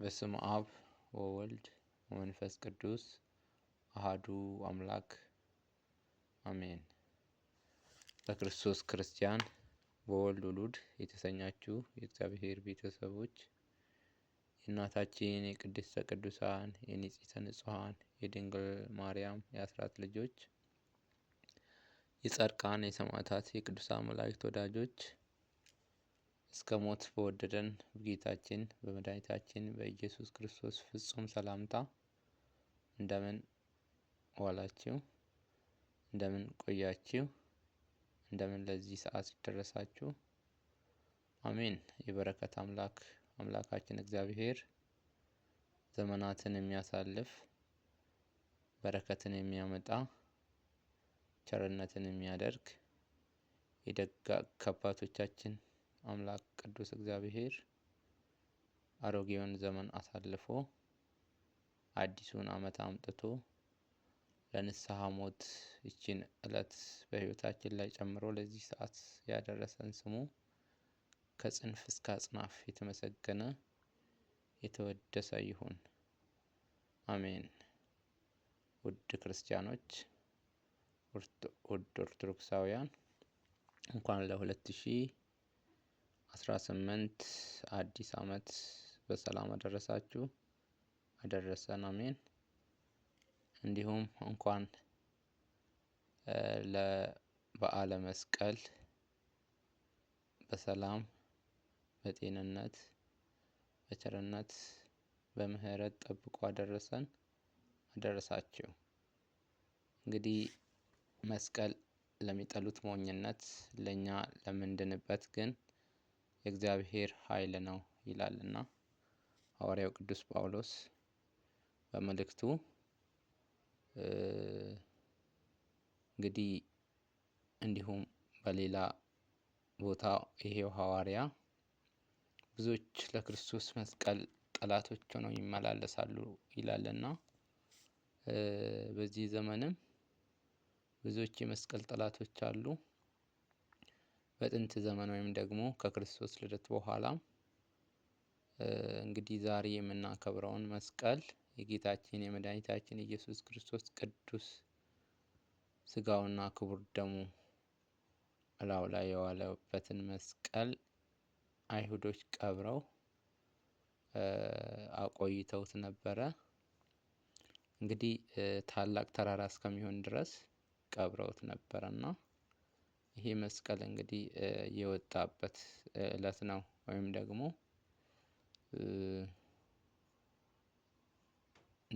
በስም አብ ወወልድ ወመንፈስ ቅዱስ አሃዱ አምላክ አሜን። በክርስቶስ ክርስቲያን በወልድ ውሉድ የተሰኛችሁ የእግዚአብሔር ቤተሰቦች የእናታችን የቅድስተ ቅዱሳን የንጽሕተ ንጹሐን የድንግል ማርያም የአስራት ልጆች የጸድቃን የሰማዕታት የቅዱሳን መላእክት ወዳጆች እስከ ሞት በወደደን በጌታችን በመድኃኒታችን በኢየሱስ ክርስቶስ ፍጹም ሰላምታ እንደምን ዋላችሁ? እንደምን ቆያችሁ? እንደምን ለዚህ ሰዓት ደረሳችሁ? አሜን። የበረከት አምላክ አምላካችን እግዚአብሔር ዘመናትን የሚያሳልፍ በረከትን የሚያመጣ ቸርነትን የሚያደርግ የደጋ አባቶቻችን አምላክ ቅዱስ እግዚአብሔር አሮጌውን ዘመን አሳልፎ አዲሱን ዓመት አምጥቶ ለንስሐ ሞት ይችን ዕለት በሕይወታችን ላይ ጨምሮ ለዚህ ሰዓት ያደረሰን ስሙ ከጽንፍ እስከ አጽናፍ የተመሰገነ የተወደሰ ይሁን። አሜን። ውድ ክርስቲያኖች፣ ውድ ኦርቶዶክሳውያን እንኳን ለሁለት ሺህ 18 አዲስ አመት በሰላም አደረሳችሁ አደረሰን፣ አሜን። እንዲሁም እንኳን ለበዓለ መስቀል በሰላም በጤንነት በቸርነት በምህረት ጠብቆ አደረሰን አደረሳችሁ። እንግዲህ መስቀል ለሚጠሉት ሞኝነት፣ ለእኛ ለምንድንበት ግን የእግዚአብሔር ኃይል ነው ይላልና ሐዋርያው ቅዱስ ጳውሎስ በመልእክቱ እንግዲህ እንዲሁም በሌላ ቦታ ይሄው ሐዋርያ ብዙዎች ለክርስቶስ መስቀል ጠላቶች ሆነው ይመላለሳሉ ይላልና በዚህ ዘመንም ብዙዎች የመስቀል ጠላቶች አሉ። በጥንት ዘመን ወይም ደግሞ ከክርስቶስ ልደት በኋላ እንግዲህ ዛሬ የምናከብረውን መስቀል የጌታችን የመድኃኒታችን ኢየሱስ ክርስቶስ ቅዱስ ስጋውና ክቡር ደሙ እላው ላይ የዋለበትን መስቀል አይሁዶች ቀብረው አቆይተውት ነበረ። እንግዲህ ታላቅ ተራራ እስከሚሆን ድረስ ቀብረውት ነበረና ይሄ መስቀል እንግዲህ የወጣበት እለት ነው ወይም ደግሞ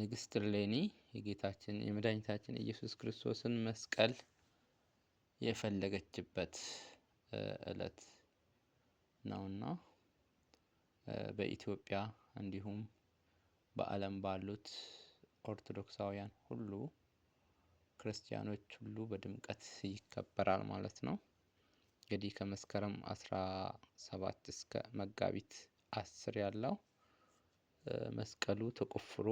ንግስት ሌኒ የጌታችን የመድኃኒታችን ኢየሱስ ክርስቶስን መስቀል የፈለገችበት እለት ነውና በኢትዮጵያ እንዲሁም በዓለም ባሉት ኦርቶዶክሳውያን ሁሉ ክርስቲያኖች ሁሉ በድምቀት ይከበራል ማለት ነው። እንግዲህ ከመስከረም 17 እስከ መጋቢት አስር ያለው መስቀሉ ተቆፍሮ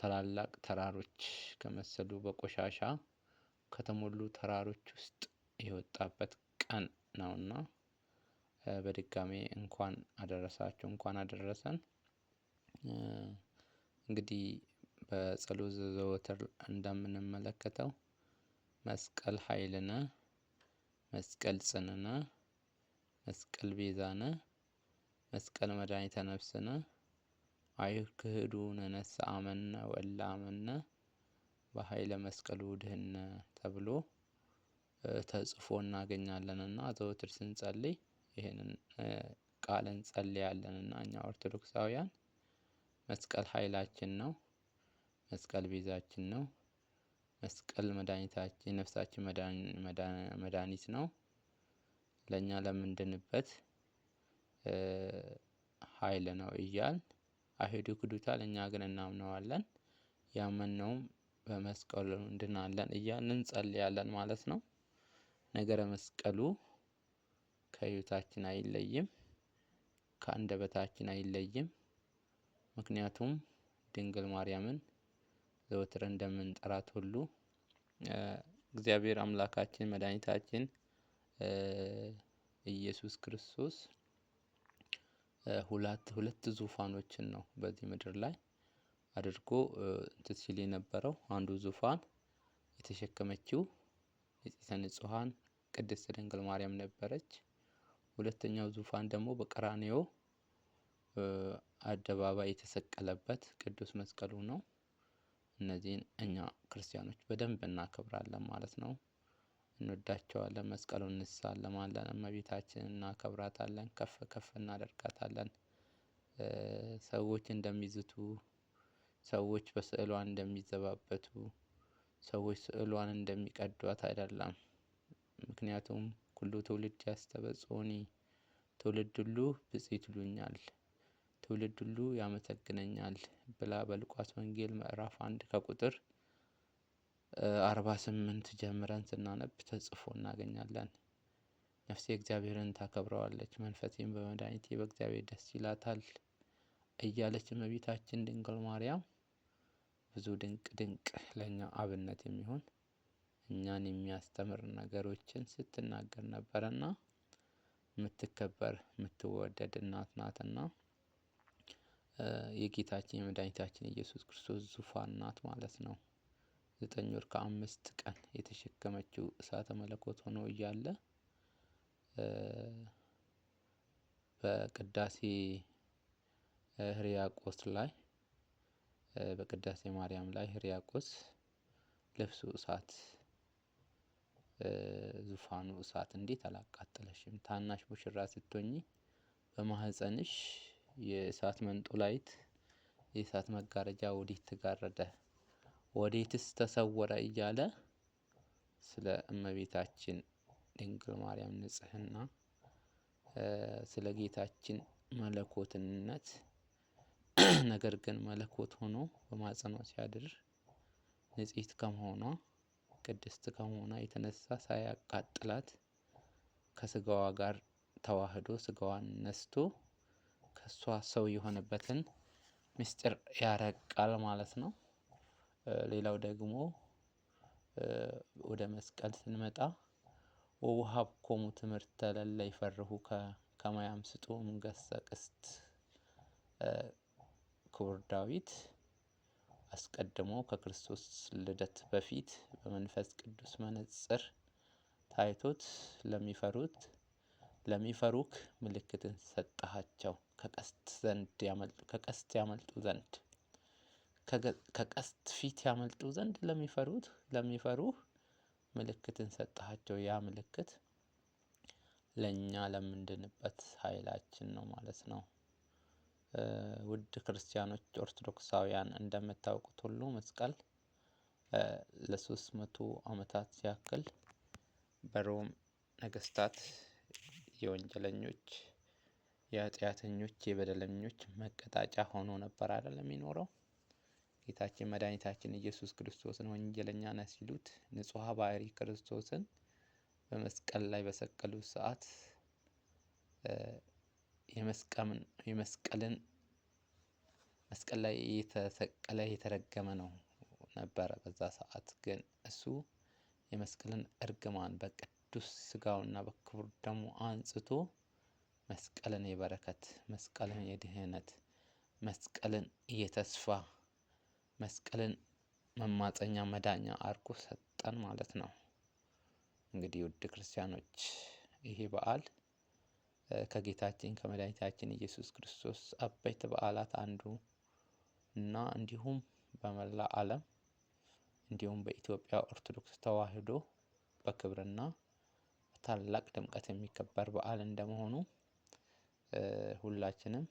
ታላላቅ ተራሮች ከመሰሉ በቆሻሻ ከተሞሉ ተራሮች ውስጥ የወጣበት ቀን ነውና በድጋሜ እንኳን አደረሳችሁ፣ እንኳን አደረሰን። እንግዲህ በጸሎት ዘወትር እንደምንመለከተው መስቀል ኃይልነ፣ መስቀል ጽንነ፣ መስቀል ቤዛነ፣ መስቀል መድኃኒተ ነፍስነ አይህ ክህዱ ነነስ አመነ ወላ አመነ በኃይለ መስቀሉ ድህነ ተብሎ ተጽፎ እናገኛለን እና ዘወትር ስንጸልይ ይህንን ቃል እንጸልያለን እና እኛ ኦርቶዶክሳውያን መስቀል ኃይላችን ነው። መስቀል ቤዛችን ነው። መስቀል መድኃኒታችን የነፍሳችን መድኃኒት ነው። ለእኛ ለምንድንበት ኃይል ነው እያል አይሁድ ክዱታል፣ እኛ ግን እናምነዋለን ያመነውም በመስቀሉ እንድናለን እያልን እንጸልያለን ማለት ነው። ነገረ መስቀሉ ከህይወታችን አይለይም፣ ከአንደበታችን አይለይም። ምክንያቱም ድንግል ማርያምን ዘወትር እንደምንጠራት ሁሉ እግዚአብሔር አምላካችን መድኃኒታችን ኢየሱስ ክርስቶስ ሁለት ሁለት ዙፋኖችን ነው በዚህ ምድር ላይ አድርጎ እንትን ሲል የነበረው አንዱ ዙፋን የተሸከመችው ንጽሕተ ንጹሐን ቅድስት ድንግል ማርያም ነበረች። ሁለተኛው ዙፋን ደግሞ በቀራንዮ አደባባይ የተሰቀለበት ቅዱስ መስቀሉ ነው። እነዚህን እኛ ክርስቲያኖች በደንብ እናከብራለን ማለት ነው። እንወዳቸዋለን፣ መስቀሉ እንሳለማለን፣ እመቤታችን እናከብራታለን፣ ከፍ ከፍ እናደርጋታለን። ሰዎች እንደሚዝቱ፣ ሰዎች በስዕሏን እንደሚዘባበቱ፣ ሰዎች ስዕሏን እንደሚቀዷት አይደለም። ምክንያቱም ሁሉ ትውልድ ያስተበጽኒ ትውልድ ሁሉ ብፅዕት ይሉኛል። ትውልድ ሁሉ ያመሰግነኛል ብላ በሉቃስ ወንጌል ምዕራፍ አንድ ከቁጥር አርባ ስምንት ጀምረን ስናነብ ተጽፎ እናገኛለን። ነፍሴ እግዚአብሔርን ታከብረዋለች፣ መንፈሴም በመድኃኒቴ በእግዚአብሔር ደስ ይላታል እያለች እመቤታችን ድንግል ማርያም ብዙ ድንቅ ድንቅ ለእኛ አብነት የሚሆን እኛን የሚያስተምር ነገሮችን ስትናገር ነበረና የምትከበር የምትወደድ እናት ናትና የጌታችን የመድኃኒታችን ኢየሱስ ክርስቶስ ዙፋን ናት ማለት ነው። ዘጠኝ ወር ከአምስት ቀን የተሸከመችው እሳተ መለኮት ሆኖ እያለ በቅዳሴ ህርያቆስ ላይ በቅዳሴ ማርያም ላይ ህርያቆስ ልብሱ እሳት ዙፋኑ እሳት እንዴት አላቃጠለሽም? ታናሽ ሙሽራ ስትሆኚ በማህፀንሽ የእሳት መንጡላይት የእሳት መጋረጃ ወዴት ተጋረደ ወዴትስ ተሰወረ እያለ ስለ እመቤታችን ድንግል ማርያም ንጽህና ስለ ጌታችን መለኮትነት ነገር ግን መለኮት ሆኖ በማጸኗ ሲያድር ንጽት ከመሆኗ ቅድስት ከመሆኗ የተነሳ ሳያቃጥላት ከስጋዋ ጋር ተዋህዶ ስጋዋን ነስቶ ከእሷ ሰው የሆነበትን ምስጢር ያረቃል ማለት ነው። ሌላው ደግሞ ወደ መስቀል ስንመጣ ወውሃብኮሙ ትምህርት ለለ ይፈርሁ ከማያም ስጡ ምንገሰ ቅስት። ክቡር ዳዊት አስቀድሞ ከክርስቶስ ልደት በፊት በመንፈስ ቅዱስ መነጽር ታይቶት ለሚፈሩት ለሚፈሩክ ምልክትን ሰጠሃቸው ከቀስት ያመልጡ ዘንድ ከቀስት ፊት ያመልጡ ዘንድ ለሚፈሩት ለሚፈሩህ ምልክትን ሰጠሃቸው። ያ ምልክት ለእኛ ለምንድንበት ኃይላችን ነው ማለት ነው። ውድ ክርስቲያኖች ኦርቶዶክሳውያን እንደምታውቁት ሁሉ መስቀል ለሶስት መቶ ዓመታት ያክል በሮም ነገስታት የወንጀለኞች የኃጢአተኞች የበደለኞች መቀጣጫ ሆኖ ነበር አይደል የሚኖረው። ጌታችን መድኃኒታችን ኢየሱስ ክርስቶስን ወንጀለኛ ነ ሲሉት ንጹሐ ባህሪ ክርስቶስን በመስቀል ላይ በሰቀሉ ሰዓት የመስቀልን መስቀል ላይ የተሰቀለ የተረገመ ነው ነበረ። በዛ ሰዓት ግን እሱ የመስቀልን እርግማን በቅዱስ ስጋውና በክቡር ደሙ አንጽቶ መስቀልን የበረከት መስቀልን የድህነት መስቀልን የተስፋ መስቀልን መማፀኛ መዳኛ አርጎ ሰጠን ማለት ነው። እንግዲህ ውድ ክርስቲያኖች ይሄ በዓል ከጌታችን ከመድኃኒታችን ኢየሱስ ክርስቶስ አበይት በዓላት አንዱ እና እንዲሁም በመላ ዓለም እንዲሁም በኢትዮጵያ ኦርቶዶክስ ተዋሕዶ በክብርና በታላቅ ድምቀት የሚከበር በዓል እንደመሆኑ ሁላችንም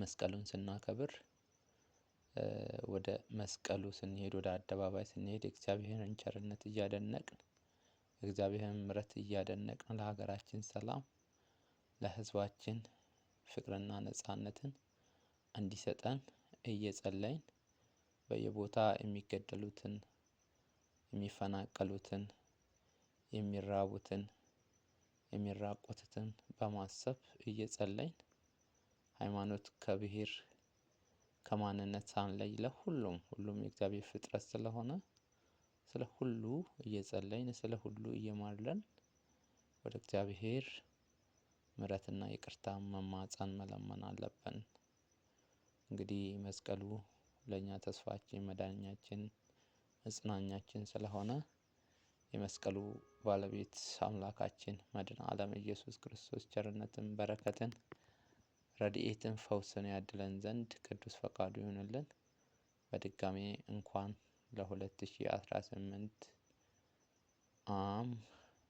መስቀሉን ስናከብር ወደ መስቀሉ ስንሄድ ወደ አደባባይ ስንሄድ የእግዚአብሔርን ቸርነት እያደነቅን እግዚአብሔርን ምረት እያደነቅን ለሀገራችን ሰላም ለሕዝባችን ፍቅርና ነጻነትን እንዲሰጠን እየጸለይን በየቦታ የሚገደሉትን የሚፈናቀሉትን የሚራቡትን የሚራቆትትን በማሰብ እየጸለይን ሃይማኖት ከብሔር ከማንነት ሳንለይ ለሁሉም ሁሉም የእግዚአብሔር ፍጥረት ስለሆነ ስለ ሁሉ እየጸለይን ስለ ሁሉ እየማለን ወደ እግዚአብሔር ምረትና ይቅርታ መማጸን መለመን አለብን። እንግዲህ መስቀሉ ለእኛ ተስፋችን መዳኛችን መጽናኛችን ስለሆነ የመስቀሉ ባለቤት አምላካችን መድን ዓለም ኢየሱስ ክርስቶስ ቸርነትን፣ በረከትን፣ ረድኤትን፣ ፈውስን ያድለን ዘንድ ቅዱስ ፈቃዱ ይሆንልን በድጋሜ እንኳን ለ2018 አም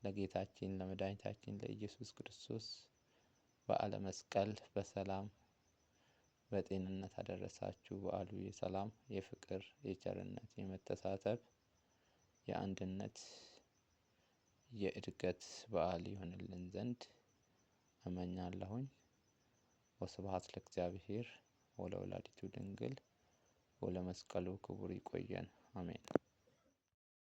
ለጌታችን ለመድኃኒታችን ለኢየሱስ ክርስቶስ በዓለ መስቀል በሰላም በጤንነት አደረሳችሁ። በዓሉ የሰላም የፍቅር የቸርነት የመተሳሰብ የአንድነት የእድገት በዓል ይሆንልን ዘንድ እመኛለሁኝ። ወስብሐት ለእግዚአብሔር ወለወላዲቱ ድንግል ወለመስቀሉ ክቡር። ይቆየን። አሜን።